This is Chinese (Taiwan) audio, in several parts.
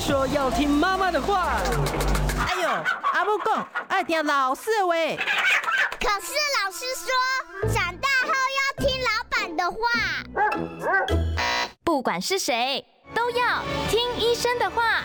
說要聽媽媽的話。哎呦，阿木公愛聽老師喂。可是老師說，長大後要聽老闆的話。不管是誰，都要聽醫生的話。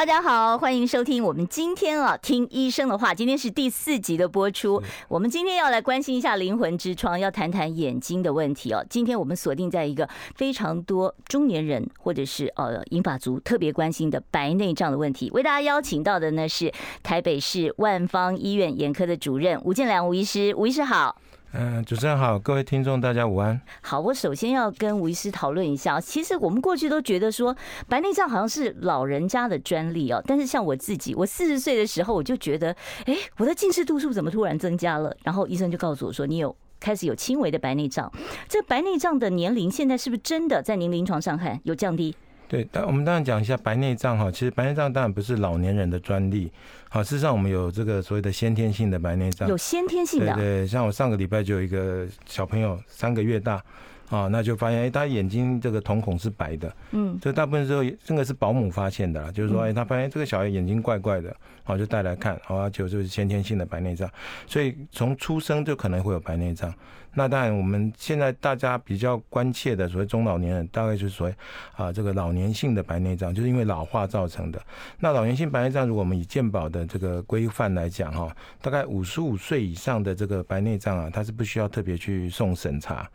大家好，歡迎收聽我們今天啊聽醫生的話。今天是第四集的播出，嗯，我們今天要來關心一下靈魂之窗，要談談眼睛的問題哦。今天我們鎖定在一個非常多中年人或者是呃銀髮族，特別關心的白內障的問題。為大家邀請到的呢是台北市萬芳醫院眼科的主任吳建良吳醫師，吳醫師好。嗯，主持人好，各位聽眾，大家午安。好，我首先要跟吳醫師討論一下。其實我們過去都覺得說，白內障好像是老人家的專利哦。但是像我自己，我四十歲的時候，我就覺得，哎，我的近視度數怎麼突然增加了？然後醫生就告訴我說，你有開始有輕微的白內障。這白內障的年齡現在是不是真的在您臨床上看有降低？對，但我們當然講一下白內障哈。其實白內障當然不是老年人的專利，好，事實上我們有這個所謂的先天性的白內障，有先天性的、啊。對，對，對，像我上個禮拜就有一個小朋友三個月大啊，那就發現哎，他、欸、眼睛這個瞳孔是白的，嗯，這大部分時候這個是保姆發現的，就是說哎，他、欸、發現、欸、這個小孩眼睛怪怪的，好，就帶來看，哦、啊，就就是先天性的白內障，所以從出生就可能會有白內障。那當然，我們現在大家比較關切的所謂中老年人，大概就是所謂啊這個老年性的白內障，就是因為老化造成的。那老年性白內障，如果我們以健保的這個規範來講，哈，大概五十五歲以上的這個白內障啊，它是不需要特別去送審查。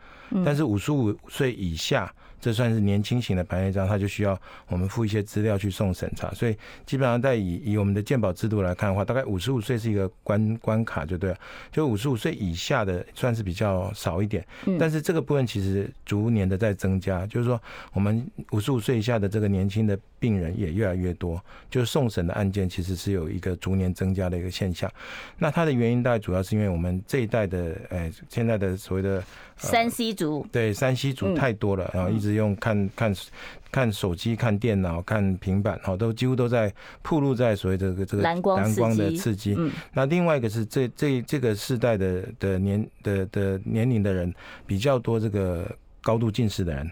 但是五十五歲以下。這算是年輕型的白內障，他就需要我們附一些資料去送審查，所以基本上在以以我們的健保制度來看的話，大概五十五歲是一個關關卡就對了，就五十五歲以下的算是比較少一點，嗯，但是這個部分其實逐年的在增加，就是說我們五十五歲以下的這個年輕的。病人也越來越多，就是送審的案件其實是有一個逐年增加的一個現象。那它的原因大概主要是因為我們這一代的，呃、欸，現在的所謂的、呃、3C 族，對 3C 族太多了，嗯、然後一直用看看看手機、看電腦、看平板，然都幾乎都在暴露在所謂的這個藍光藍光的刺激,刺激、嗯。那另外一個是這這這個世代的的年的的年齡的人比較多，這個。高度近視的人，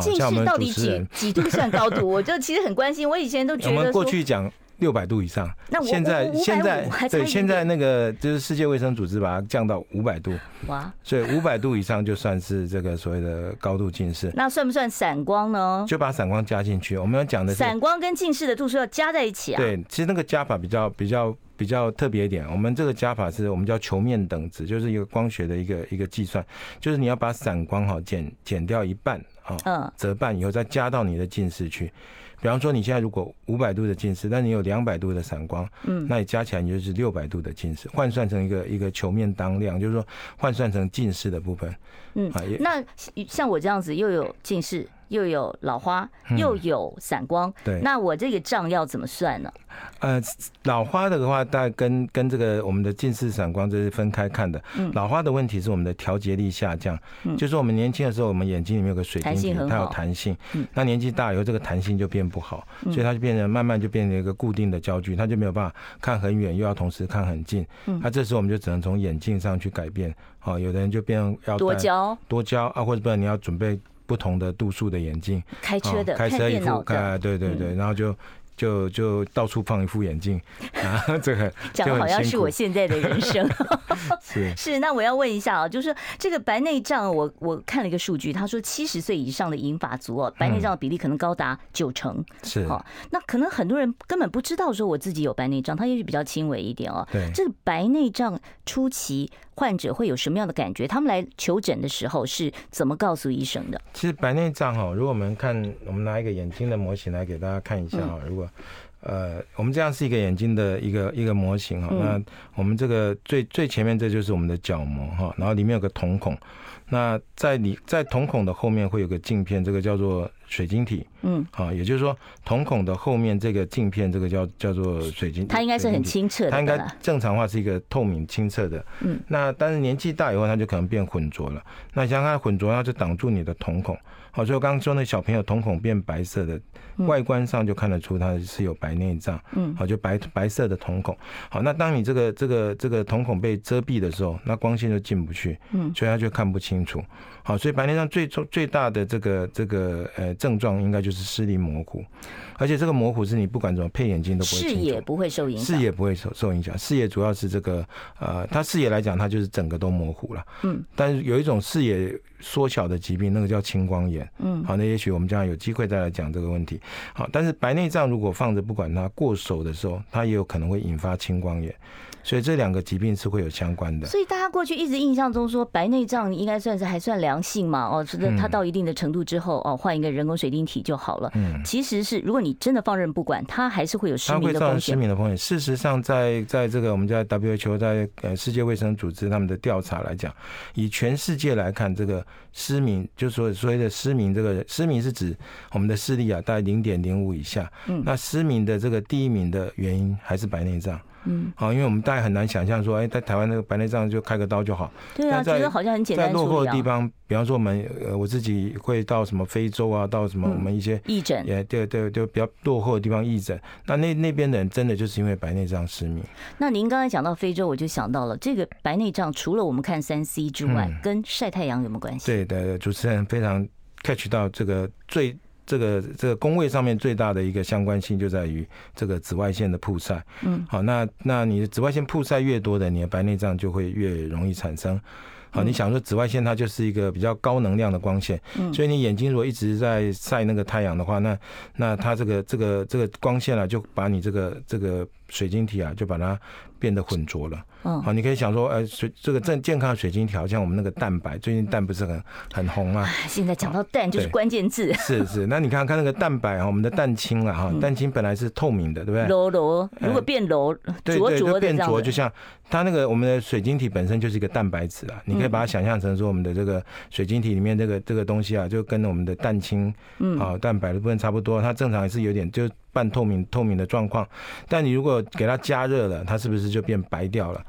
近視到底幾像幾，幾度算高度？ 我就其實很關心，我以前都覺得說，我們過去講六百度以上，那我現在五五現在還差一點點對，現在那個就是世界衛生組織把它降到五百度，哇！所以五百度以上就算是這個所謂的高度近視。那算不算散光呢？就把散光加進去。我們要講的散光跟近視的度數要加在一起啊。對，其實那個加法比較比較比較特別一點。我們這個加法是我們叫球面等值，就是一個光學的一個一個計算，就是你要把散光哈減減掉一半啊，嗯、哦，折半以後再加到你的近視去。比方說，你現在如果五百度的近視，但你有兩百度的散光，嗯，那你加起來你就是六百度的近視。換算成一個一個球面當量，就是說換算成近視的部分，嗯，那像我這樣子又有近視。又有老花，又有散光，嗯對，那我這個賬要怎麼算呢？呃，老花的話，大概跟跟這個我們的近視、散光這是分開看的，嗯。老花的問題是我們的調節力下降，嗯，就是我們年輕的時候，我們眼睛裡面有個水晶體，彈性很好，它有彈性。嗯，那年紀大以後，這個彈性就變不好，嗯，所以它就變成慢慢就變成一個固定的焦距，它就沒有辦法看很遠，又要同時看很近。那，嗯啊，這時候我們就只能從眼鏡上去改變。好，哦，有的人就變要多焦，多焦啊，或者不然你要準備。不同的度數的眼鏡，開車的，開車衣服，啊，對對對，嗯，然後就。就就到處放一副眼鏡啊，這個講得好像是我現在的人生， 是是。那我要問一下啊，就是這個白內障，我我看了一個數據，他說七十歲以上的銀髮族哦，白內障的比例可能高達九成，嗯哦、是哈。那可能很多人根本不知道說我自己有白內障，他也許比較輕微一點哦。對，這個白內障初期患者會有什麼樣的感覺？他們來求診的時候是怎麼告訴醫生的？其實白內障哈，如果我們看，我們拿一個眼睛的模型來給大家看一下啊，如、嗯、果呃，我們這樣是一個眼睛的一個一個模型哈。那我們這個最最前面這就是我們的角膜哈，然後裡面有個瞳孔。那在裡在瞳孔的後面會有個鏡片，這個叫做水晶體。嗯，好，也就是說，瞳孔的後面這個鏡片，這個叫叫做水晶，它應該是很清澈的，它應該正常的話是一個透明清澈的。嗯，那但是年紀大以後，它就可能變混濁了。那像它混濁，它就擋住你的瞳孔。好，所以我剛剛說那小朋友瞳孔變白色的，外觀上就看得出它是有白內障。嗯，好，就白白色的瞳孔。好，那當你這個這個這個瞳孔被遮蔽的時候，那光線就進不去。嗯，所以它就看不清楚。好，所以白內障最最大的這個這個呃症狀應該就是。是視力模糊，而且這個模糊是你不管怎麼配眼鏡都不會清楚，視野不會受影響，視野不會受影響。視野主要是這個，呃，它視野來講，它就是整個都模糊了。嗯，但是有一種視野縮小的疾病，那個叫青光眼。嗯，好，那也許我們將來有機會再來講這個問題。好，但是白內障如果放着不管它，過手的時候，它也有可能會引發青光眼。所以這兩個疾病是會有相關的。所以大家過去一直印象中說，白內障應該算是還算良性嘛？哦，覺得它到一定的程度之後，嗯、哦，換一個人工水晶體就好了。嗯，其實是如果你真的放任不管，它還是會有失明的風險。它會造成失明的風險、嗯。事實上在，在在這個我們在 WHO 在呃世界衛生組織他們的調查來講，以全世界來看，這個失明就說所謂的失明，這個失明是指我們的視力啊，大概零點零五以下。嗯，那失明的這個第一名的原因還是白內障。嗯，好，因為我們大家很難想象說，哎，在台灣那個白內障就開個刀就好。對啊，這個好像很簡單。在落後的地方，比方說我們，呃，我自己會到什麼非洲啊，到什麼我們一些義診、嗯，也對對對，就比較落後的地方義診。那那那邊的人真的就是因為白內障失明。那您剛才講到非洲，我就想到了這個白內障，除了我們看三 C 之外，嗯、跟曬太陽有沒有關係？對，對對，主持人非常 catch 到這個最。這個這個工位上面最大的一個相關性就在於這個紫外線的曝曬，嗯，好，那那你的紫外線曝曬越多的，你的白內障就會越容易產生。好、嗯，你想說紫外線它就是一個比較高能量的光線，嗯，所以你眼睛如果一直在曬那個太陽的話，那那它這個這個、這個、這個光線啊，就把你這個這個。水晶體啊，就把它變得渾濁了。嗯，好，你可以想說，呃，水這個正健康的水晶體，好像我們那個蛋白，最近蛋不是很很紅嗎？現在講到蛋就是關鍵字。是是，那你看看那個蛋白哈，我們的蛋清啊哈，蛋清本來是透明的，嗯、對不對？柔柔，如果變柔濁濁的這樣，對對，就變濁、嗯，就像它那個我們的水晶體本身就是一個蛋白質啊、嗯，你可以把它想象成說，我們的這個水晶體裡面這個這個東西啊，就跟我們的蛋清，嗯，啊，蛋白的部分差不多，嗯、它正常也是有點就。半透明、透明的狀況，但你如果給它加熱了，它是不是就變白掉了？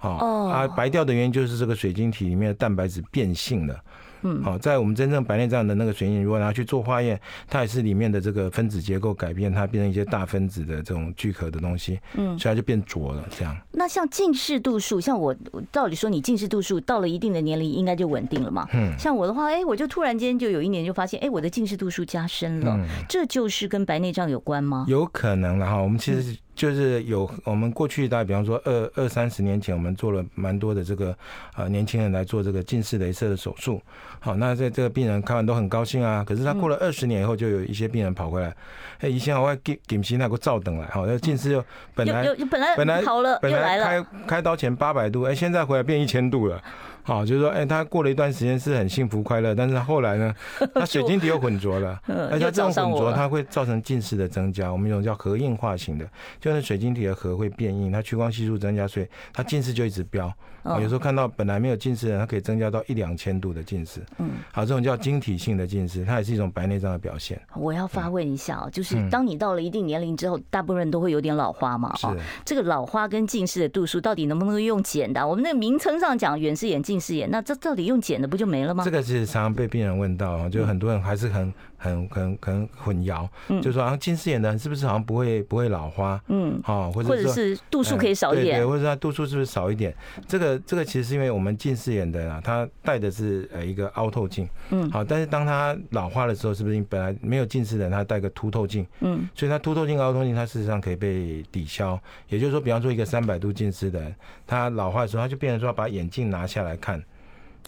哦，oh，啊，白掉的原因就是這個水晶體裡面的蛋白質變性了。嗯，好，在我們真正白內障的那個水印，如果拿去做化驗，它也是裡面的這個分子結構改變，它變成一些大分子的這種聚合的東西，嗯，所以它就變濁了，這樣、嗯。那像近視度數，像我，我照理說你近視度數到了一定的年齡應該就穩定了嘛，嗯，像我的話，哎、欸，我就突然間就有一年就發現，哎、欸，我的近視度數加深了、嗯，這就是跟白內障有關嗎？有可能了哈，我們其實是、嗯。就是有我們過去大概比方說二二三十年前，我們做了蠻多的這個啊、呃、年輕人來做這個近視雷射的手術，好，那這這個病人看完都很高興啊。可是他過了二十年以後，就有一些病人跑回來，哎以前我還給給期待過照等來，好，那近視又本來有本來了，本來開開刀前八百度，哎、欸、現在回來變一千度了。好，就是說，哎、欸，他過了一段時間是很幸福快樂，但是後來呢，他水晶體又混濁了， 而且這種混濁它， 它會造成近視的增加。我們一種叫核硬化型的，就是水晶體的核會變硬，它屈光係數增加，所以它近視就一直飆。嗯嗯有時候看到本來沒有近視的人，它可以增加到一兩千度的近視。嗯，好，這種叫晶體性的近視，它也是一種白內障的表現。我要發問一下、嗯、就是當你到了一定年齡之後、嗯，大部分人都會有點老花嘛，是、哦、這個老花跟近視的度數到底能不能用減的？我們那個名稱上講遠視眼、近視眼，那這到底用減的不就沒了嗎？這個是常常被病人問到，就很多人還是很。嗯嗯很很很混淆，就是說啊，近視眼的是不是好像不會不會老花？嗯，好，或者是度數可以少一點，對，對，或者說他度數是不是少一點？這個這個其實是因為我們近視眼的人啊，他戴的是呃一個凹透鏡，嗯，好，但是當他老花的時候，是不是因為本來沒有近視的人他戴個凸透鏡，嗯，所以他凸透鏡、凹透鏡它事實上可以被抵消，也就是說，比方說一個三百度近視的人，他老化的時候，他就變成說把眼鏡拿下來看。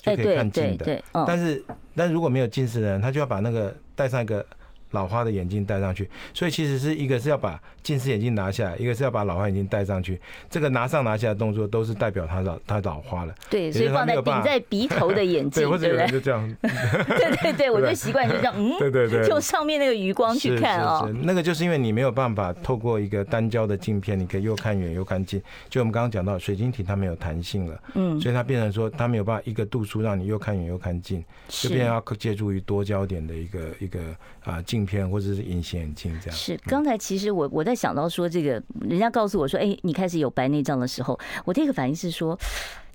就可以看近的，但是但是如果沒有近視的人，他就要把那個戴上一個，老花的眼鏡戴上去，所以其實是一個是要把近視眼鏡拿下來，一個是要把老花眼鏡戴上去。這個拿上拿下的動作都是代表他老他老花了。對，所以放在頂在鼻頭的眼鏡， 對不對,對,對,對？ 對對對，我就習慣 就這樣，嗯，對對,對,對，就上面那個餘光去看哦是是是。那個就是因為你沒有辦法透過一個單焦的鏡片，你可以又看遠又看近。就我們剛剛講到，水晶體它沒有彈性了，嗯，所以它變成說它沒有辦法一個度數讓你又看遠又看近，就變成要借助於多焦點的一個一個啊鏡。或者是隱形眼鏡這樣是。剛才其實我我在想到說這個，人家告訴我說，哎、欸，你開始有白內障的時候，我第一個反應是說。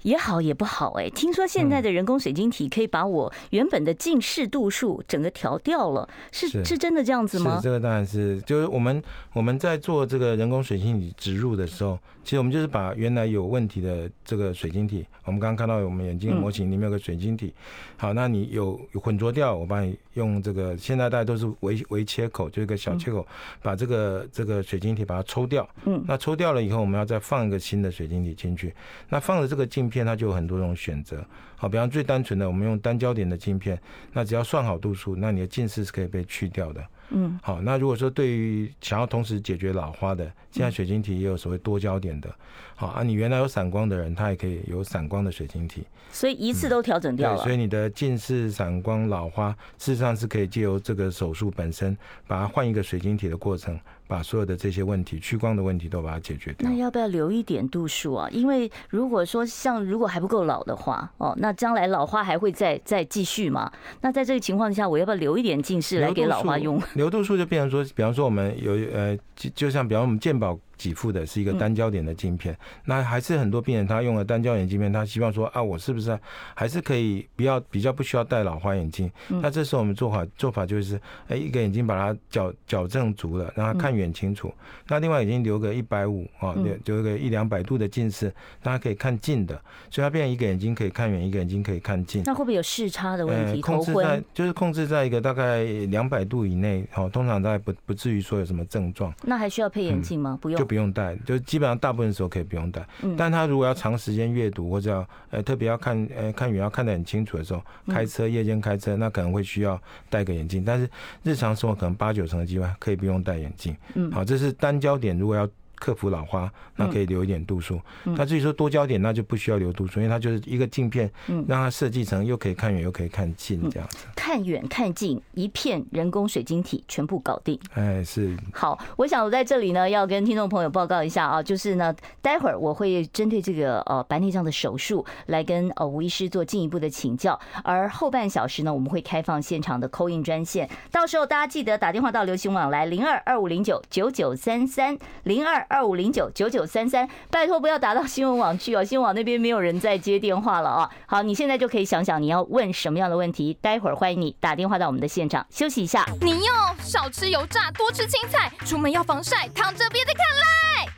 也好也不好哎、欸，聽說現在的人工水晶體可以把我原本的近視度數整個調掉了，是是，是真的這樣子嗎？是這個當然是，就是我們我們在做這個人工水晶體植入的時候，其實我們就是把原來有問題的這個水晶體，我們剛剛看到我們眼鏡模型裡面有個水晶體，嗯、好，那你有混濁掉，我幫你用這個，現在大家都是微微切口，就是一個小切口，嗯、把這個這個水晶體把它抽掉，嗯，那抽掉了以後，我們要再放一個新的水晶體進去，那放了這個鏡。片它就有很多種選擇，好，比方最單純的，我們用單焦點的鏡片，那只要算好度數，那你的近視是可以被去掉的。嗯，好，那如果說對於想要同時解決老花的，現在水晶體也有所謂多焦點的，好啊，你原來有散光的人，他也可以有散光的水晶體，所以一次都調整掉了。所以你的近視、散光、老花，事實上是可以借由這個手術本身，把它換一個水晶體的過程。把所有的這些問題、屈光的問題都把它解決掉。那要不要留一點度數啊？因為如果說像如果還不夠老的話，哦，那將來老花還會再再繼續嘛。那在這個情況下，我要不要留一點近視來給老花用？留度數就變成說，比方說我們有呃，就就像比方我們健保。給付的是一個單焦點的鏡片，嗯，那還是很多病人他用了單焦點鏡片，他希望說啊，我是不是還是可以比較比較不需要戴老花眼鏡嗯？那這時候我們做法做法就是，哎，一個眼睛把它矯矯正足了，讓他看遠清楚，嗯，那另外眼睛留個150，哦，一百五啊，留留個一兩百度的近視，大家可以看近的，所以它變成一個眼睛可以看遠，一個眼睛可以看近。那會不會有視差的問題？控制在就是控制在一個大概兩百度以內，好，通常在不不至於說有什麼症狀，嗯。那還需要配眼鏡嗎？不用。不用戴，就是基本上大部分時候可以不用戴。但他如果要長時間閱讀，或者要呃特別要看呃看遠、要看得很清楚的時候，開車、夜間開車，那可能會需要戴個眼鏡。但是日常生活可能八九成的機會可以不用戴眼鏡。嗯，好，這是單焦點。如果要克服老花，那可以留一點度數。他、嗯嗯、至於說多焦點，那就不需要留度數，因為它就是一個鏡片，讓它設計成、嗯、又可以看遠又可以看近這樣子。看遠看近，一片人工水晶體全部搞定。哎，是。好，我想我在這裡呢，要跟聽眾朋友報告一下啊，就是呢，待會兒我會針對這個呃白內障的手術來跟呃吳醫師做進一步的請教。而後半小時呢，我們會開放現場的 call in 專線，到時候大家記得打電話到流行網來零二二五零九九九三三零二。二五零九九九三三，拜托不要打到新聞網去哦、啊，新聞網那邊沒有人在接電話了啊！好，你現在就可以想想你要問什麼樣的問題，待會兒歡迎你打電話到我們的現場。休息一下，你要少吃油炸，多吃青菜，出門要防曬，躺着別再看賴。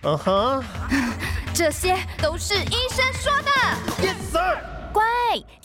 Uh-huh. 這些都是醫生說的。Yes sir，乖，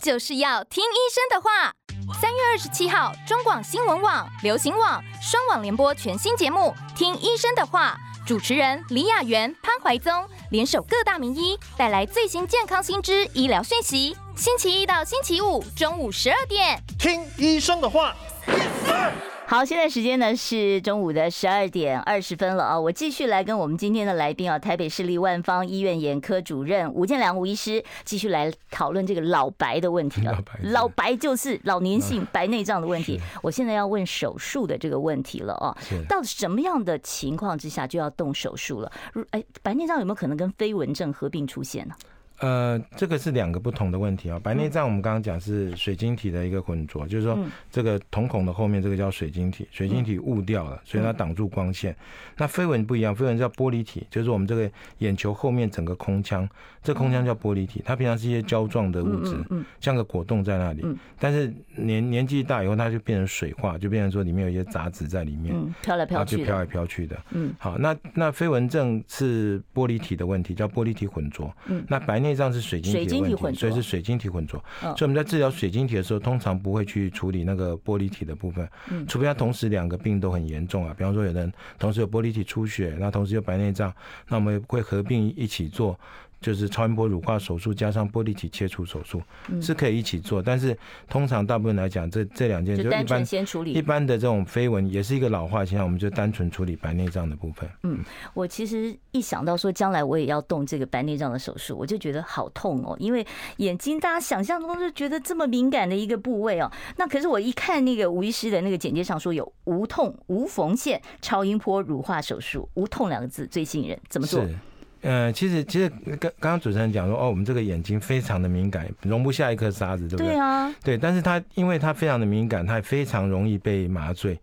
就是要聽醫生的話。三月二十七號，中廣新聞網、流行網雙網聯播全新節目《聽醫生的話》。主持人李雅媛、潘懷宗聯手各大名醫，帶來最新健康新知、醫療訊息。星期一到星期五中午十二點，聽醫生的話。Yes, 好，現在時間呢是中午的十二點二十分了啊、哦！我繼續來跟我們今天的來賓啊、哦，台北市立萬芳醫院眼科主任吳建良吳醫師繼續來討論這個老白的問題啊、呃。老白就是老年性白內障的問題、啊。我現在要問手術的這個問題了哦。到底什麼樣的情況之下就要動手術了？哎，白內障有沒有可能跟飛蚊症合併出現呢、啊？呃，這個是兩個不同的問題啊、喔。白內障我們剛剛講是水晶體的一個渾濁，就是說這個瞳孔的後面這個叫水晶體，水晶體霧掉了，所以它擋住光線。那飛蚊不一樣，飛蚊叫玻璃體，就是我們這個眼球後面整個空腔，這空腔叫玻璃體，它平常是一些膠狀的物質，像個果凍在那裡。但是年年紀大以後，它就變成水化，就變成說裡面有一些雜質在裡面，飄來飄去，就飄來飄去的。嗯。好，那那飛蚊症是玻璃體的問題，叫玻璃體渾濁。嗯。那白。內臟是水晶體的問題，所以是水晶體混濁，哦。所以我們在治療水晶體的時候，通常不會去處理那個玻璃體的部分。嗯、除非他同時兩個病都很嚴重啊，比方說有人同時有玻璃體出血，那同時有白內障，那我們會合併一起做。就是超音波乳化手術加上玻璃體切除手術、嗯、是可以一起做，但是通常大部分來講，這這兩件就，就單純先處理一般的這種飛蚊，也是一個老化現象，我們就單純處理白內障的部分。嗯，我其實一想到說將來我也要動這個白內障的手術，我就覺得好痛哦，因為眼睛大家想象中就覺得這麼敏感的一個部位哦，那可是我一看那個吳醫師的那個簡介上說有無痛、無縫線超音波乳化手術，無痛兩個字最吸引人，怎麼做？嗯、呃，其實其實剛剛主持人講說，哦，我們這個眼睛非常的敏感，容不下一顆沙子，對不對？對啊，對，但是它因為它非常的敏感，它也非常容易被麻醉。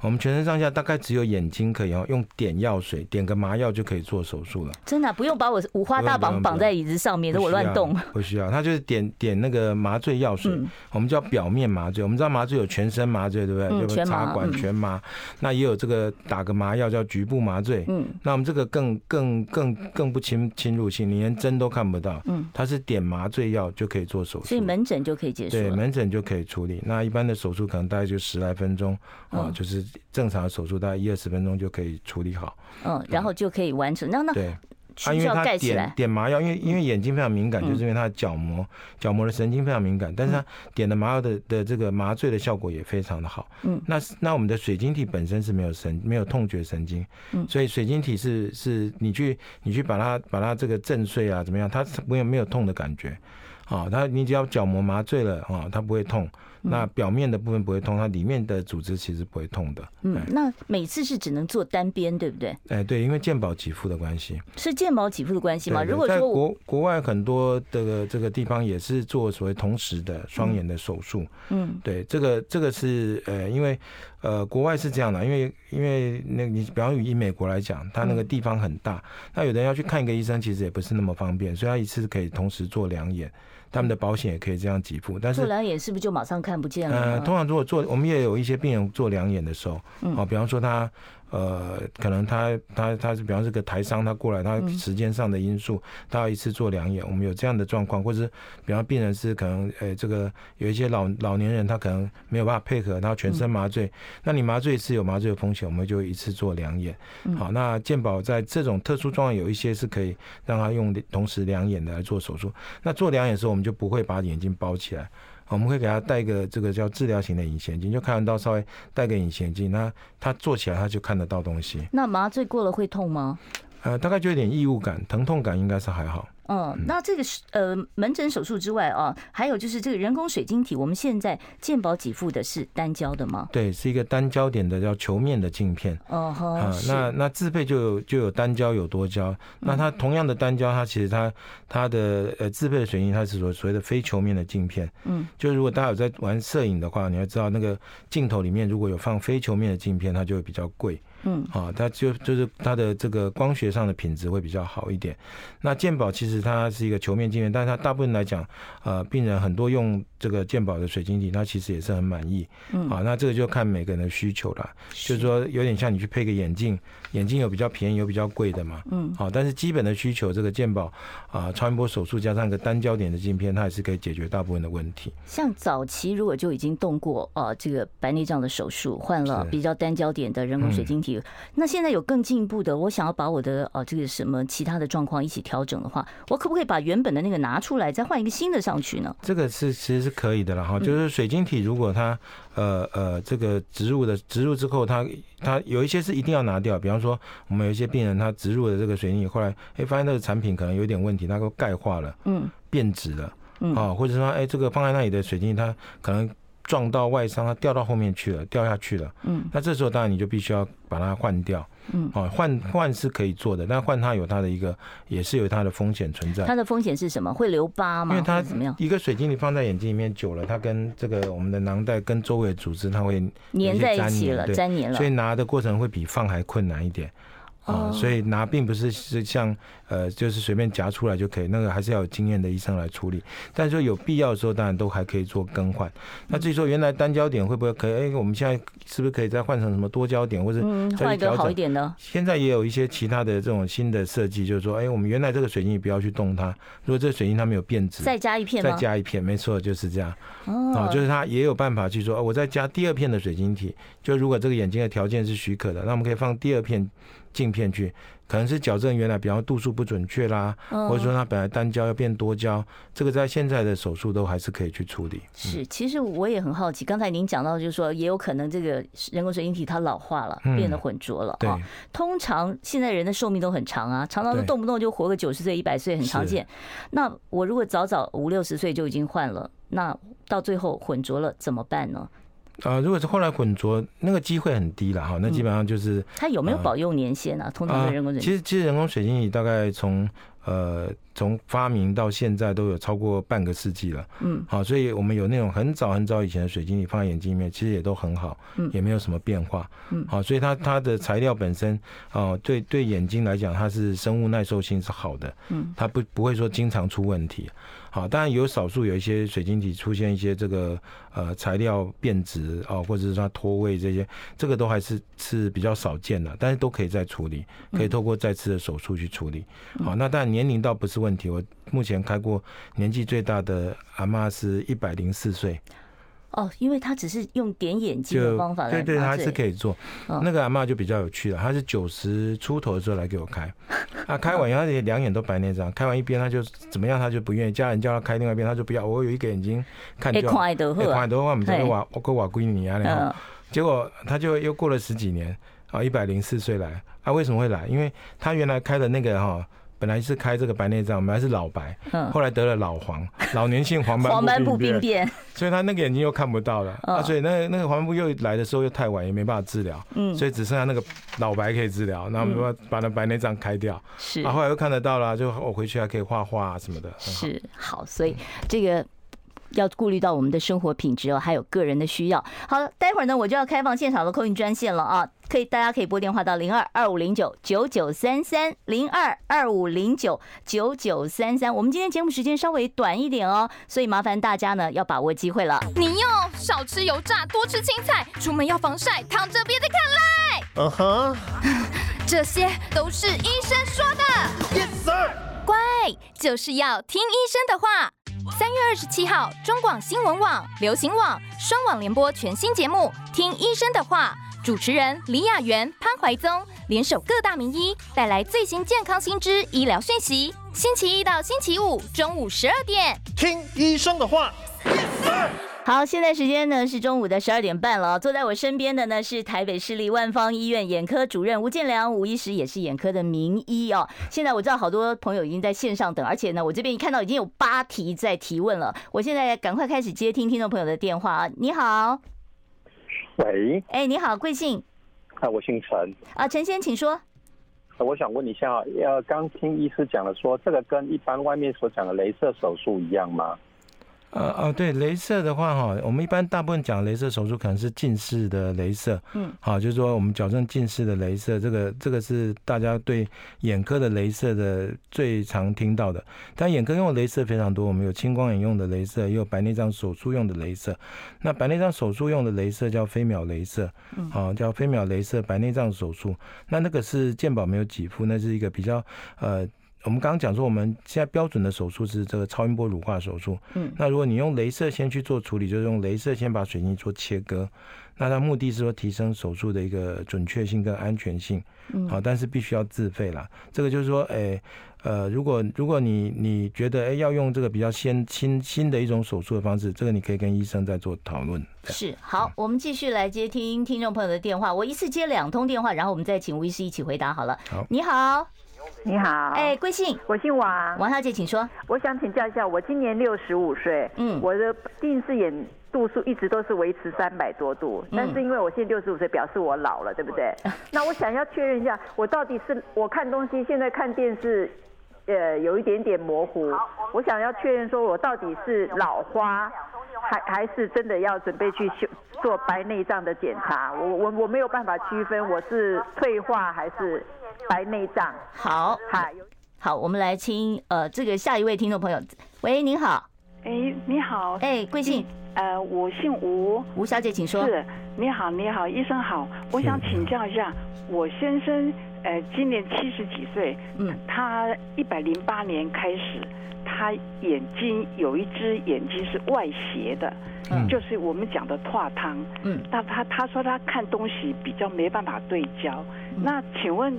我們全身上下大概只有眼睛可以哦，用點藥水，點個麻藥就可以做手術了。真的、啊、不用把我五花大綁綁在椅子上面，讓我亂動不。不需要，他就是點點那個麻醉藥水、嗯，我們叫表面麻醉。我們知道麻醉有全身麻醉，對不對？有個插管全麻，全麻、嗯，那也有這個打個麻藥叫局部麻醉。嗯，那我們這個更更更更不侵侵入性，你連針都看不到。嗯，它是點麻醉藥就可以做手術，所以門診就可以解決。對，門診就可以處理。那一般的手術可能大概就十來分鐘、嗯、啊，就是。正常手術大概一二十分鐘就可以處理好，嗯，然後就可以完成。嗯、那那對，啊，因為它點點麻藥，因為因為眼睛非常敏感，嗯、就是因為它的角膜，角膜的神經非常敏感，但是它點的麻藥的的這個麻醉的效果也非常的好，嗯，那那我們的水晶體本身是沒有神沒有痛覺神經，嗯，所以水晶體是是，你去你去把它把它這個震碎啊，怎麼樣，它是沒有沒有痛的感覺。啊、哦，它，你只要角膜麻醉了，啊、哦，它不會痛。那表面的部分不會痛，它裡面的組織其實不會痛的。嗯，欸、那每次是只能做單邊，對不對？哎、欸，對，因為健保給付的關係，是健保給付的關係嗎？如果說在國國外很多的這個地方也是做所謂同時的雙眼的手術。嗯，對，這個這個是呃、欸，因為呃，國外是這樣的，因為因為那你比方以美國來講，它那個地方很大、嗯，那有的人要去看一個醫生，其實也不是那麼方便，所以他一次可以同時做兩眼。他們的保險也可以這樣給付，但是做兩眼是不是就馬上看不見了？呃，通常如果做，我們也有一些病人做兩眼的時候，好，嗯，哦，比方說他。呃，可能他他他，他是比方是個台商，他過來，他時間上的因素，他要一次做兩眼，我們有這樣的狀況，或者是比方說病人是可能，呃、欸，這個有一些老老年人，他可能沒有辦法配合，他全身麻醉，嗯、那你麻醉是有麻醉的風險，我們就一次做兩眼，嗯，好，那健保在這種特殊狀況，有一些是可以讓他用同時兩眼的來做手術，那做兩眼的時候，我們就不會把眼睛包起來。我們會給他戴一個這個叫治療型的隱形眼鏡，就看完刀稍微戴個隱形眼鏡，那他坐起來他就看得到東西。那麻醉過了會痛嗎？呃，大概就有點異物感，疼痛感應該是還好。嗯，哦、那這個是呃門診手術之外啊、哦，還有就是這個人工水晶體，我們現在健保給付的是單焦的嗎？對，是一個單焦點的叫球面的鏡片。哦好、呃。那那自配就有就有單焦有多焦。嗯、那它同樣的單焦，它其實它它的呃自配的水晶它是所所謂的非球面的鏡片。嗯。就如果大家有在玩攝影的話，你要知道那個鏡頭裡面如果有放非球面的鏡片，它就會比較貴。嗯，啊，它就就是它的這個光學上的品質會比較好一點。那健保其實它是一個球面鏡片，但是它大部分來講，呃，病人很多用。這個健保的水晶體，它其實也是很滿意。啊。嗯，好，那這個就看每個人的需求了。就是說，有點像你去配個眼鏡，眼鏡有比較便宜有比較貴的嘛。嗯，好，但是基本的需求，這個健保啊，超音波手術加上一個單焦點的鏡片，它也是可以解決大部分的問題。像早期如果就已經動過啊，這個白內障的手術，換了比較單焦點的人工水晶體，嗯、那現在有更進一步的，我想要把我的啊這個什麼其他的狀況一起調整的話，我可不可以把原本的那個拿出來，再換一個新的上去呢？這個是其實。是可以的了哈，就是水晶體如果它呃呃這個植入的植入之後它，它它有一些是一定要拿掉，比方說我們有一些病人他植入的這個水晶體，後來哎、欸、發現那個產品可能有點問題，它都鈣化了，嗯，變質了，嗯啊，或者說哎、欸、這個放在那裡的水晶體它可能。撞到外傷，它掉到後面去了，掉下去了。嗯，那這時候當然你就必須要把它換掉。嗯，好，換換是可以做的，但換它有它的一個，也是有它的風險存在。它的風險是什麼？會留疤嗎？因為它怎麼樣，一個水晶你放在眼睛裡面、啊、久了，它跟這個我們的囊袋跟周圍的組織，它會粘在一起了，粘黏了。所以拿的過程會比放還困難一點。啊、哦，所以拿並不是是像呃，就是隨便夾出來就可以，那個還是要有經驗的醫生來處理。但是說有必要的時候，當然都還可以做更換。那至於說原來單焦點會不會可以？哎、欸，我們現在是不是可以再換成什麼多焦點，或者換一個好一點呢？現在也有一些其他的這種新的設計，就是說，哎、欸，我們原來這個水晶不要去動它。如果這個水晶它沒有變質，再加一片嗎？再加一片，沒錯，就是這樣。哦，就是它也有辦法去說，呃，我再加第二片的水晶體。就如果這個眼睛的條件是許可的，那我們可以放第二片。鏡片去，可能是矯正原來比方度數不準確啦、啊嗯，或者說他本來單焦要變多焦，這個在現在的手術都還是可以去處理、嗯。是，其實我也很好奇，剛才您講到就是說，也有可能這個人工水晶體它老化了，嗯、變得混濁了對、哦。通常現在人的壽命都很長啊，常常都動不動就活個九十歲、一百歲很常見。那我如果早早五六十歲就已經換了，那到最後混濁了怎麼辦呢？啊、呃，如果是後來混濁，那個機會很低了哈。那基本上就是它、嗯、有沒有保用年限啊？通常的人工水晶，其實其實人工水晶體大概從呃從發明到現在都有超過半個世紀了。嗯，啊，所以我們有那種很早很早以前的水晶體放在眼睛裡面，其實也都很好，嗯，也沒有什麼變化。嗯，啊，所以它它的材料本身啊、呃，對對眼睛來講，它是生物耐受性是好的。嗯，它不不會說經常出問題。好，當然有少數有一些水晶體出現一些這個呃材料變質啊、哦，或者是它脫位這些，這個都還是是比較少見的，但是都可以再處理，可以透過再次的手術去處理。好，那當然年齡倒不是問題，我目前開過年紀最大的阿嬤是一百零四歲。哦，因為他只是用點眼睛的方法來麻醉，對對，他是可以做。那個阿嬤就比較有趣了。她、哦、是九十出頭的時候來給我開，啊，開完，以後他也兩眼都白內障， 開完一邊，他就怎麼樣，他就不願意，家人叫他開另外一邊，他就不要，我有一個眼睛看就，哎，快點的話、啊，我們就瓦，我跟瓦閨女啊。然、哦、好，結果他就又過了十幾年，啊、哦，一百零四歲來，他、啊、為什麼會來？因為他原來開的那個哈。本來是開這個白內障，本來是老白，後來得了老黃，老年性黃斑黃斑部病變，所以他那個眼睛又看不到了啊，所以那那個黃斑又來的時候又太晚，也沒辦法治療，嗯，所以只剩下那個老白可以治療，然後把把那白內障開掉，是，啊，後來又看得到了，就我、哦、回去還可以畫畫、啊、什麼的，好是好，所以這個。要顧慮到我們的生活品質哦，還有個人的需要。好了，待會兒呢，我就要開放現場的 call in 專線了啊，可以，大家可以撥電話到零二二五零九九九三三零二二五零九九九三三。我們今天節目時間稍微短一點哦，所以麻煩大家呢要把握機會了。你又少吃油炸，多吃青菜，出門要防曬，躺着別再看來。嗯哼，這些都是醫生說的。Yes sir。乖，就是要聽醫生的話。三月二十七號，中廣新聞網、流行網雙網聯播全新節目《聽醫生的話》，主持人李雅媛、潘懷宗聯手各大名醫，帶來最新健康新知、醫療訊息。星期一到星期五中午十二點，聽醫生的話。好，現在時間呢是中午的十二點半了。坐在我身邊的呢是台北市立萬芳醫院眼科主任吳建良，吳醫師也是眼科的名醫哦。現在我知道好多朋友已經在線上等，而且呢，我這邊看到已經有八題在提問了。我現在趕快開始接聽聽眾朋友的電話啊！你好，喂，哎、欸，你好，貴姓？啊，我姓陳啊，陳先，請說。我想問你一下，要剛聽醫師講的說，這個跟一般外面所講的雷射手術一樣嗎？呃哦，對，鐳射的話哈，我們一般大部分講鐳射手術可能是近視的鐳射，嗯，好，就是說我們矯正近視的鐳射，這個這個是大家對眼科的鐳射的最常聽到的。但眼科用的鐳射非常多，我們有青光眼用的鐳射，也有白內障手術用的鐳射。那白內障手術用的鐳射，射叫飛秒鐳射，嗯，好，叫飛秒鐳射白內障手術。那那個是健保沒有給付，那是一個比較呃。我們剛剛講說，我們現在標準的手術是這個超音波乳化手術。嗯，那如果你用雷射先去做處理，就是用雷射先把水晶做切割，那它目的是說提升手術的一個準確性跟安全性。嗯，好，但是必須要自費啦。這個就是說，哎、欸，呃，如果如果你你覺得哎、欸、要用這個比較先新新的一種手術的方式，這個你可以跟醫生再做討論。是，好，嗯、我們繼續來接聽聽眾朋友的電話。我一次接兩通電話，然後我們再請吳醫師一起回答好了。好，你好。你好，哎、欸，貴姓？我姓王，王小姐，請說。我想請教一下，我今年六十五歲，嗯，我的近視眼度數一直都是維持三百多度，嗯，但是因為我現在六十五歲，表示我老了，對不對？嗯， 那我想要確認一下，我到底是我看東西現在看電視，呃，有一點點模糊，嗯，我想要確認說我到底是老花。還還是真的要準備去修做白內障的檢查，我我我沒有辦法區分我是退化還是白內障。好，好，好，我們來聽呃這個下一位聽眾朋友，喂，您好，哎，你好，哎，貴姓？呃，我姓吳，吳小姐，請說。是，你好，你好，醫生好，我想請教一下，我先生呃今年七十幾歲，嗯，他一百零八年開始。他眼睛有一隻眼睛是外斜的，嗯、就是我們講的“脫窗”。嗯，那他他說他看東西比較沒辦法對焦，嗯。那請問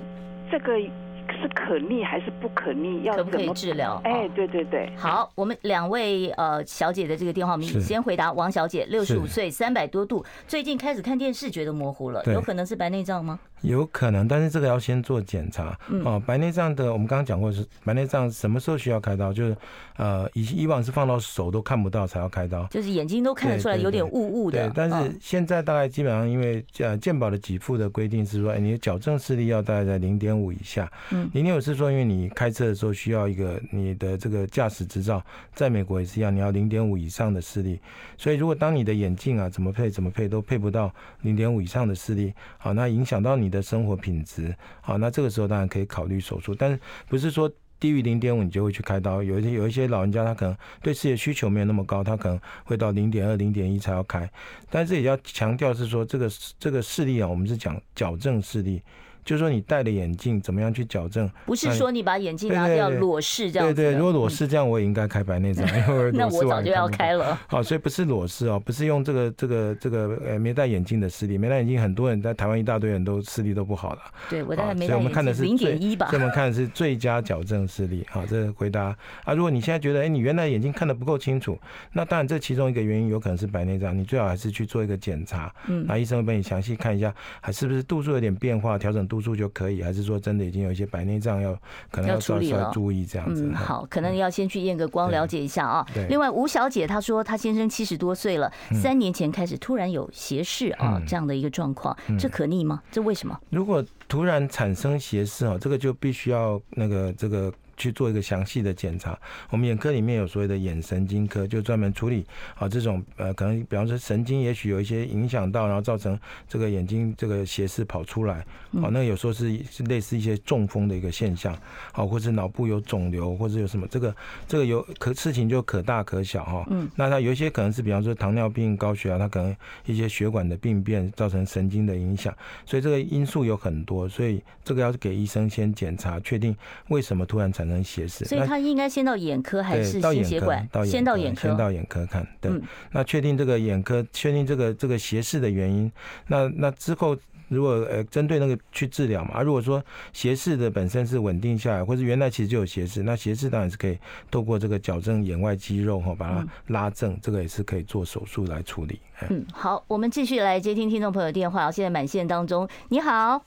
這個是可逆還是不可逆？要怎麼可可以治療？哎、欸，對對對，哦，好，我們兩位呃小姐的這個電話我們先回答王小姐，六十五歲，三百多度，最近開始看電視覺得模糊了，有可能是白內障嗎？有可能，但是這個要先做檢查哦，白內障的，我們剛剛講過是白內障什麼時候需要開刀，就是呃以以往是放到手都看不到才要開刀，就是眼睛都看得出來有點霧霧的對對對。對，但是現在大概基本上因為呃健保的給付的規定是說，哎，你的矯正視力要大概在零點五以下，零點五是說因為你開車的時候需要一個你的這個駕駛執照，在美國也是一樣，你要零點五以上的視力。所以如果當你的眼鏡啊怎麼配怎麼配都配不到零點五以上的視力，好，那影響到你。的生活品質，好，那這個時候當然可以考慮手術，但是不是說低於零點五你就會去開刀，有一些有一些老人家他可能對視力需求沒有那麼高，他可能會到零點二、零點一才要開。但是也要強調是說、這個，這個這個視力啊，我們是講矯正視力。就是、說你戴的眼鏡怎麼樣去矯正？不是說你把眼鏡拿掉裸視這樣。對，對對，如果裸視這樣，我也應該開白內障。 那我早就要開了。好，所以不是裸視哦，不是用這個這個這個呃沒戴眼鏡的視力，沒戴眼鏡很多人在台灣一大堆人都視力都不好了。對，我大概沒戴眼鏡？零點一吧。所以我們看的是最佳矯正視力。好，這回答啊，如果你現在覺得哎、欸、你原來眼睛看得不夠清楚，那當然這其中一個原因有可能是白內障，你最好還是去做一個檢查。嗯，那醫生會幫你詳細看一下，還是不是度數有點變化，調整度住就可以，還是說真的已經有一些白內障要，要可能要稍微注意這樣子？嗯，好，可能要先去驗個光，了解一下啊。對，另外，吳小姐她說，她先生七十多歲了，三年前開始突然有斜視啊、嗯，這樣的一個狀況，這可逆嗎、嗯？這為什麼？如果突然產生斜視啊，這個就必須要那個這個。去做一個詳細的檢查。我們眼科裡面有所謂的眼神經科，就專門處理啊、哦、這種呃可能比方說神經也許有一些影響到，然後造成這個眼睛這個斜視跑出來。啊、哦，那個、有時候是是類似一些中風的一個現象，啊、哦，或者腦部有腫瘤或者有什麼這個這個有可事情就可大可小哈、哦。嗯。那它有一些可能是比方說糖尿病高血壓、啊，它可能一些血管的病變造成神經的影響，所以這個因素有很多，所以這個要給醫生先檢查確定為什麼突然產生能斜視，所以他應該先到眼科還是心血管？先到眼科，啊，先到眼科看。對，嗯、那確定這個眼科，確定這個這個斜視的原因。那那之後，如果呃針對那個去治療嘛，如果說斜視的本身是穩定下來，或者原來其實就有斜視，那斜視當然是可以透過這個矯正眼外肌肉哈，把它拉正，這個也是可以做手術來處理嗯。嗯，好，我們繼續來接聽聽眾朋友的電話，現在滿線當中，你好。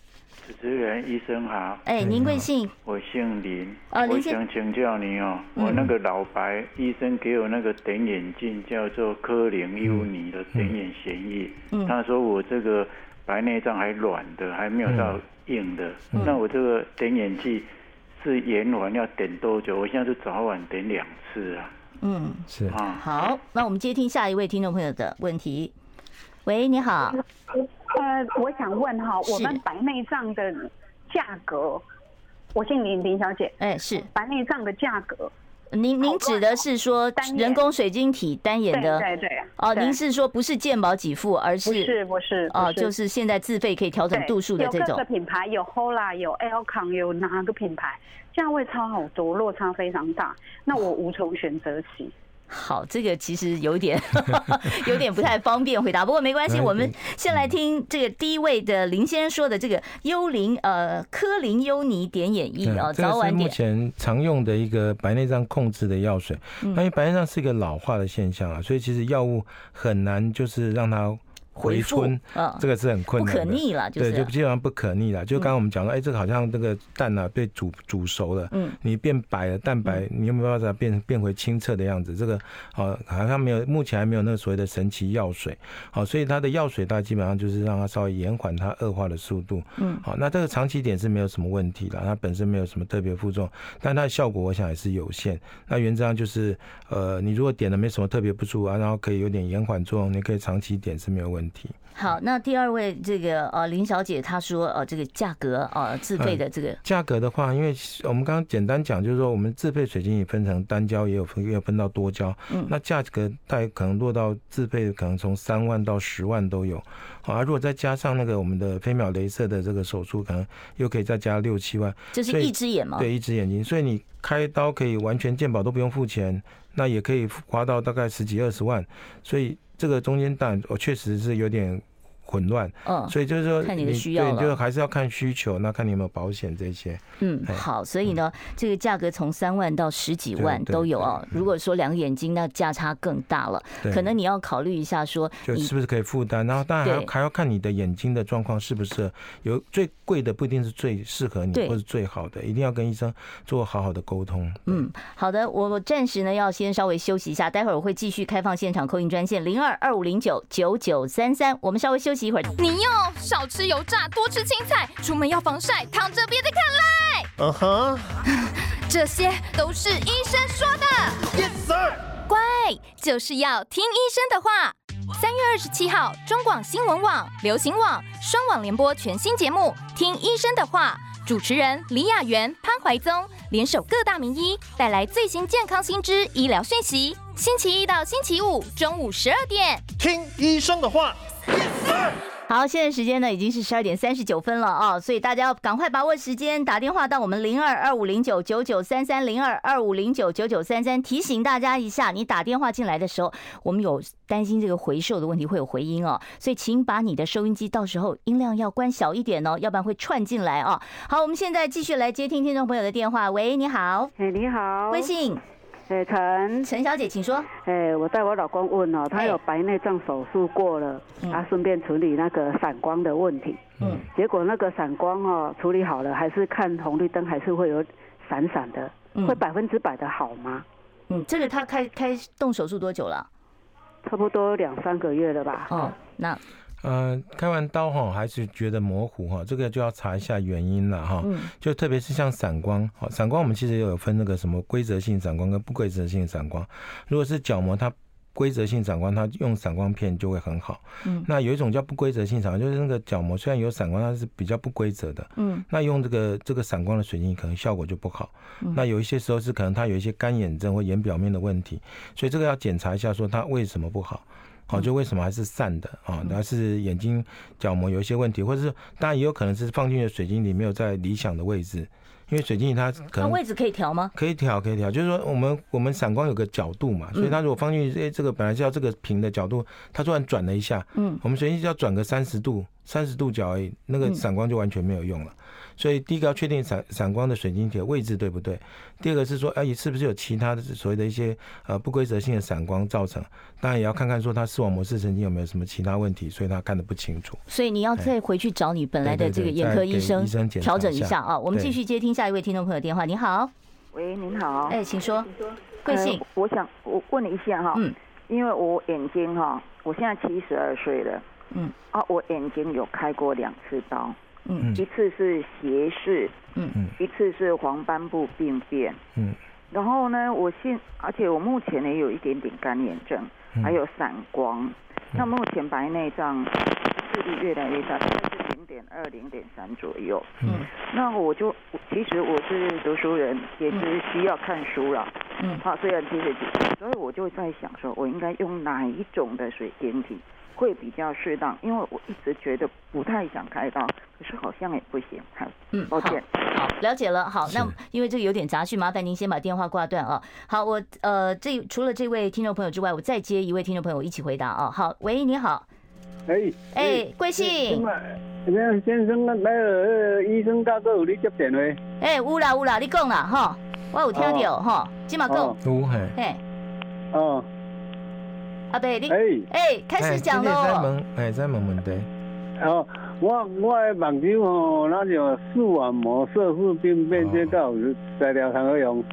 主持人，醫生好。哎，您貴姓？我姓林。哦，林先生。我想請教您哦，我那個老白醫生給我那個點眼鏡，叫做科林優尼的點眼協議。他說我這個白內障還軟的，還沒有到硬的。嗯。嗯、那我這個點眼劑是延緩，要點多久？我現在是早晚點兩次啊。嗯，嗯，啊、是啊。好，那我們接聽下一位聽眾朋友的問題。嗯。喂，你好。嗯。呃，我想問哈，我們白內障的價格，我姓林，林小姐，哎、欸，是白內障的價格，您您指的是說人工水晶體單眼的，眼對對，對，對，哦，您是說不是健保給付，而是不是不是，哦、呃，就是現在自費可以調整度數的這種。有個品牌有 HOLA，有 ALCON 有哪個品牌？價位差好多，落差非常大，那我無從選擇起。 好，這個其實有點 有點不太方便回答， 不過沒關係，我們先來聽這個第一位的林先生說的這個幽靈呃，科林·幽尼點眼液啊，早晚點，這是目前常用的一個白內障控制的藥水。因為白內障是一個老化的現象啊，所以其實藥物很難就是讓它回春，啊、哦，這個是很困難的，不可逆了，就是，對，就基本上不可逆了。就剛剛我們講到，哎、嗯欸，這個好像這個蛋啊被煮煮熟了，嗯，你變白了，蛋白你有沒有辦法再變變回清澈的樣子？這個，好，呃，好像沒有，目前還沒有那個所謂的神奇藥水。好，呃，所以它的藥水它基本上就是讓它稍微延緩它惡化的速度。嗯，好，那這個長期點是沒有什麼問題了，它本身沒有什麼特別副作用，但它的效果我想也是有限。那原則上就是，呃，你如果點了沒什麼特別不舒服啊，然後可以有點延緩作用，你可以長期點是沒有問題。好，那第二位這個呃林小姐她說呃這個價格呃自費的這個價、嗯、格的話，因為我們剛剛簡單講就是說我們自費水晶也分成單焦也有要分，分到多焦。嗯，那價格大概可能落到自費可能從三萬到十萬都有啊。如果再加上那個我們的飛秒雷射的這個手術，可能又可以再加六七萬，就是一只眼嘛，對，一只眼睛，所以你開刀可以完全健保都不用付錢，那也可以花到大概十幾二十萬，所以。這個中間段，我確實是有點。混亂，嗯、哦，所以就是說你看你的需要對，就還是要看需求，那看你有沒有保險這些。嗯，好，哎、所以呢，嗯、這個價格從三萬到十幾萬都有哦。如果說兩個眼睛，嗯、那價差更大了對，可能你要考慮一下說就是不是可以負擔。然後當然還要，還要看你的眼睛的狀況是不是有，最貴的不一定是最適合你或是最好的，一定要跟醫生做好好的溝通。嗯，好的，我我暫時呢要先稍微休息一下，待會兒我會繼續開放現場扣印專線零二二五零九九九三三，我們稍微休息一下。休息一會兒。你又少吃油炸，多吃青菜。出門要防曬，躺着別再看嘞。Uh-huh. 這些都是醫生說的。Yes sir。乖，就是要聽醫生的話。三月二十七號，中廣新聞網、流行網雙網聯播全新節目《聽醫生的話》，主持人李雅媛、潘懷宗聯手各大名醫，帶來最新健康新知、醫療訊息。星期一到星期五中午十二點，聽醫生的話。Yes. 好，現在時間呢已經是十二點三十九分了啊、哦，所以大家要趕快把握時間打電話到我們零二二五零九九九三三零二二五零九九九三三，提醒大家一下，你打電話進來的時候，我們有擔心這個回授的問題會有回音哦，所以請把你的收音機到時候音量要關小一點哦，要不然會串進來哦。好，我們現在繼續來接聽聽眾朋友的電話，喂，你好，喂，你好，微信。陳陳小姐，請說。哎、欸，我帶我老公問哦、喔，他有白內障手術過了，哎、啊，順便處理那個閃光的問題。嗯，結果那個閃光哦、喔，處理好了，還是看紅綠燈還是會有閃閃的，會百分之百的好嗎？嗯，嗯這個他開開動手術多久了、啊？差不多兩三個月了吧。哦，那。嗯、呃，開完刀哈，還是覺得模糊哈，這個就要查一下原因了哈。嗯。就特別是像散光，散光我們其實也有分那個什麼規則性散光跟不規則性散光。如果是角膜它規則性散光，它用散光片就會很好。嗯。那有一種叫不規則性散光，就是那個角膜雖然有散光，它是比較不規則的。嗯。那用這個這個散光的水晶可能效果就不好。嗯。那有一些時候是可能它有一些乾眼症或眼表面的問題，所以這個要檢查一下，說它為什麼不好。哦，就為什麼還是散的啊？那是眼睛角膜有一些問題，或者是當然也有可能是放進去水晶體，沒有在理想的位置，因為水晶它可能可可位置可以調嗎？可以調，可以調，就是說我們我們散光有個角度嘛，所以它如果放進去這這個本來是要這個平的角度，它突然轉了一下，嗯，我們水晶就要轉個三十度。三十度角而已，那個散光就完全沒有用了。嗯、所以第一個要確定散散光的水晶體的位置對不對？第二個是說，哎、啊，是不是有其他的所謂的一些呃不規則性的散光造成？當然也要看看說他視網膜視神經有沒有什麼其他問題，所以他看得不清楚。所以你要再回去找你本來的這個眼科醫生調整一下啊。我們繼續接聽下一位聽眾朋友的電話。你好，喂，您好，哎、欸，請說，貴姓、呃？我想我問你一下哈、哦，嗯，因為我眼睛哈、哦，我現在七十二歲了。嗯啊，我眼睛有開過兩次刀，嗯，一次是斜視，嗯嗯，一次是黃斑部病變，嗯，然後呢，我現而且我目前也有一點點乾眼症、嗯，還有散光，嗯、那目前白內障視力越來越差，大大概是零點二、零點三左右，嗯，那我就其實我是讀書人，也是需要看書了，嗯，啊，雖然其實、嗯、所以我就在想說，我應該用哪一種的水晶體。會比較適當，因為我一直覺得不太想開刀，可是好像也不行。好，嗯，抱歉，好，了解了。好，那因為這個有點雜訊，麻煩您先把電話掛斷啊。好，我呃，這除了這位聽眾朋友之外，我再接一位聽眾朋友一起回答啊、哦。好，喂，你好，哎、欸，哎、欸，貴姓？先生，那醫生大哥有你接電話？哎、欸，有啦有啦，你講啦哈，我有聽到哈，今嘛講，對，嗯。哦阿伯你。哎、欸、哎，開始講了在問，哎，在問問題。哦，我我的朋友我那就視網膜色素病變這到是材料很好用。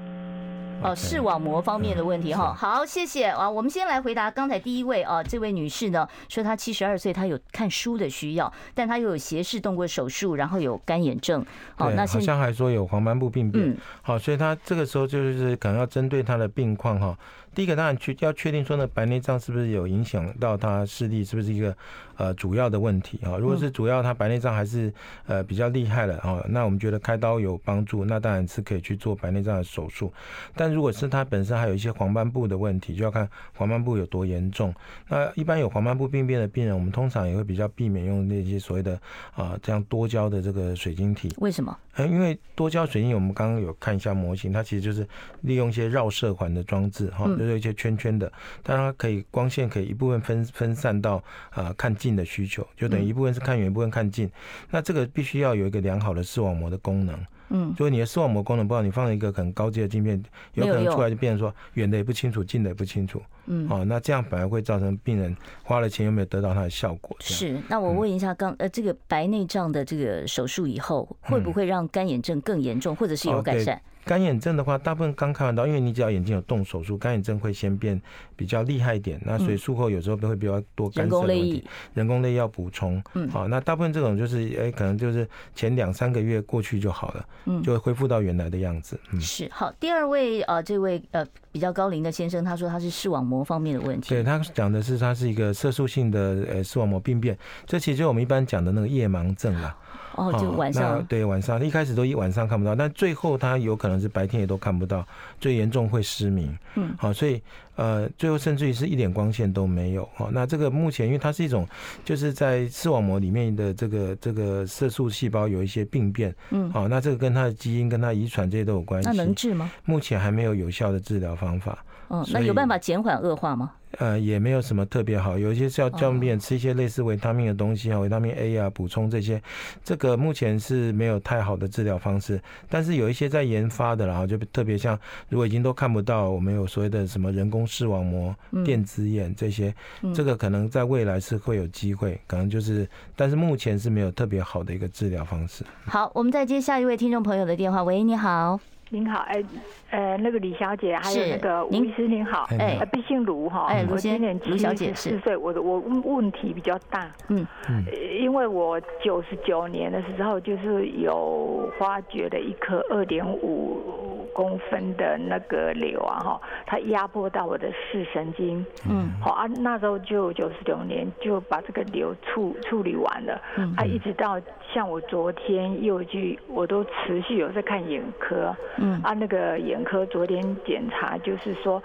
哦，視網膜方面的問題哈、嗯，好，謝謝啊。我們先來回答剛才第一位哦、啊，這位女士呢，說她七十二歲，她有看書的需要，但她又有斜視，動過手術，然後有乾眼症。啊、對那，好像還說有黃斑部病變、嗯。好，所以她這個時候就是可能要針對她的病況哈。第一個當然確要確定說呢，白內障是不是有影響到他視力，是不是一個。呃，主要的問題啊，如果是主要他白內障還是、嗯、呃比較厲害了哦，那我們覺得開刀有幫助，那當然是可以去做白內障的手術。但如果是他本身還有一些黃斑部的問題，就要看黃斑部有多嚴重。那一般有黃斑部病變的病人，我們通常也會比較避免用那些所謂的啊、呃、這樣多焦的這個水晶體。為什麼？哎，因為多焦水晶我們剛剛有看一下模型，它其實就是利用一些繞射環的裝置哈，就是一些圈圈的，但它可以光線可以一部分分分散到啊、呃、看近。的需求就等於一部分是看遠，一部分看近。那這個必須要有一個良好的視網膜的功能。嗯，所以你的視網膜功能不好，你放一個可能高級的鏡片，有可能出來就變成說遠的也不清楚，近的也不清楚。嗯，哦，那這樣本來會造成病人花了錢有沒有得到它的效果？是。那我問一下，剛、嗯、呃，這個白內障的這個手術以後，會不會讓乾眼症更嚴重，或者是有改善？okay，乾眼症的話，大部分剛開完刀，因為你只要眼睛有動手術，乾眼症會先變比較厲害一點。嗯、那所以術後有時候會比較多乾澀的問題，人工淚要補充。嗯，好，哦，那大部分這種就是，哎、欸，可能就是前兩三個月過去就好了，嗯，就會恢復到原來的樣子。嗯，是好，第二位呃，這位呃。比較高齡的先生，他說他是視網膜方面的問題。對他講的是，他是一個色素性的呃視網膜病變，這其實就我們一般講的那個夜盲症啊。哦、oh，就晚上、啊、對，晚上，一開始都一晚上看不到，但最後他有可能是白天也都看不到，最嚴重會失明。嗯，好，所以呃，最後甚至於是一點光線都沒有。哦，那這個目前因為它是一種，就是在視網膜裡面的這個這個色素細胞有一些病變。嗯，好，那這個跟他的基因跟他遺傳這些都有關係。那能治嗎？目前還沒有有效的治療方法。嗯。那有辦法減緩惡化嗎？呃，也沒有什麼特別好，有一些是要叫病人吃一些類似維他命的東西啊，維他命 A 啊，補充這些，這個目前是沒有太好的治療方式。但是有一些在研發的，然後就特別像，如果已經都看不到，我們有所謂的什麼人工視網膜、電子眼這些，嗯、這個可能在未來是會有機會，可能就是，但是目前是沒有特別好的一個治療方式。好，我們再接下一位聽眾朋友的電話，喂，你好，您好，哎。呃，那個李小姐，還有那個吳醫師您，您好，哎，敝姓盧哈，哎，我今年七十四歲，我的我問問題比較大，嗯嗯，因為我九十九年的時候，就是有發覺了一顆二點五公分的那個瘤啊，哈，它壓迫到我的視神經，嗯，好啊，那時候就九十九年就把這個瘤處處理完了，嗯，啊，一直到像我昨天又去，我都持續有在看眼科，嗯，啊，那個眼。科昨天檢查就是說，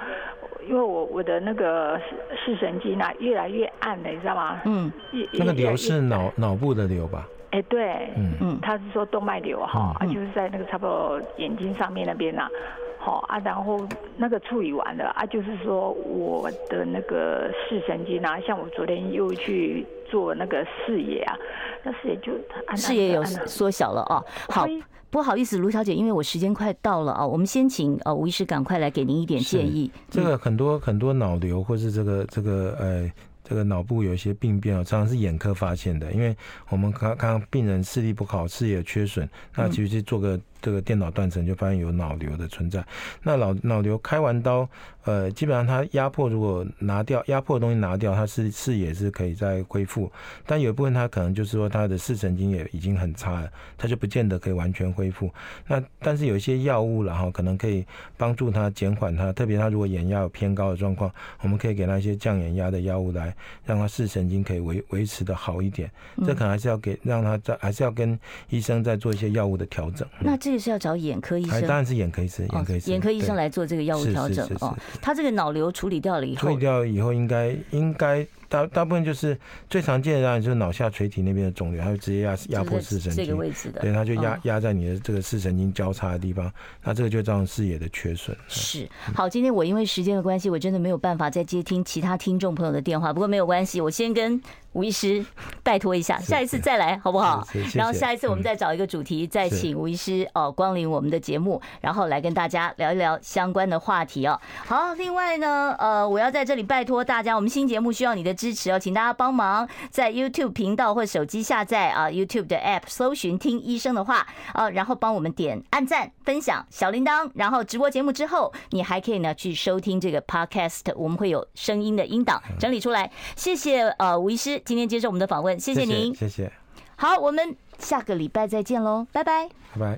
因為我我的那個視神經呢、啊、越來越暗了，你知道嗎？嗯，越越那個瘤是腦腦部的瘤吧？哎、欸，對，嗯嗯，他是說動脈瘤哈、嗯啊，就是在那個差不多眼睛上面那邊呢、啊，好、嗯、啊，然後那個處理完了啊，就是說我的那個視神經呢、啊，像我昨天又去做那個視野啊，那視野就按按個按個按個視野有縮小了啊，好。不，不好意思，盧小姐，因為我時間快到了啊，我們先請呃吳醫師趕快來給您一點建議。這個很多很多腦瘤或是這個這個呃這個腦部有一些病變啊，常常是眼科發現的，因為我們剛剛病人視力不好，視野缺損，那其實去做個。這個電腦斷層就發現有腦瘤的存在。那腦腦瘤開完刀，呃，基本上他壓迫如果拿掉，壓迫的東西拿掉，他是視野是可以再恢復。但有一部分他可能就是說他的視神經也已經很差了，他就不見得可以完全恢復。那但是有一些藥物然後可能可以幫助他減緩他，特別他如果眼壓有偏高的狀況，我們可以給他一些降眼壓的藥物來，讓他視神經可以維維持的好一點。這可能還是要給讓他再還是要跟醫生再做一些藥物的調整。那這。是要找眼科醫生，當然是眼科醫生，哦。眼科醫生來做這個藥物調整，是是是是，哦。他這個腦瘤處理掉了以後，處理掉以後應該應該。大大部分就是最常見的，就是腦下垂體那邊的腫瘤，它會直接壓壓迫視神經，就是、這個位置的，對，它就壓壓在你的這個視神經交叉的地方，嗯、那這個就會造成視野的缺損。是、嗯，好，今天我因為時間的關係，我真的沒有辦法再接聽其他聽眾朋友的電話，不過沒有關係，我先跟吳醫師拜托一下，下一次再來好不好？是是是謝謝，然後下一次我們再找一個主題，嗯、再請吳醫師哦光臨我們的節目，然後來跟大家聊一聊相關的話題哦、喔。好，另外呢，呃，我要在這裡拜托大家，我們新節目需要你的。支持哦，請大家幫忙在 YouTube 頻道或手機下載啊 YouTube 的 App，搜尋“聽醫生的話”啊，然後幫我們點按讚、分享、小鈴鐺。然後直播節目之後，你還可以呢去收聽這個 Podcast，我們會有聲音的音檔整理出來。嗯。謝謝，呃，吳醫師今天接受我們的訪問，謝謝您，謝謝。謝謝。好，我們下個禮拜再見嘍，拜拜，拜拜。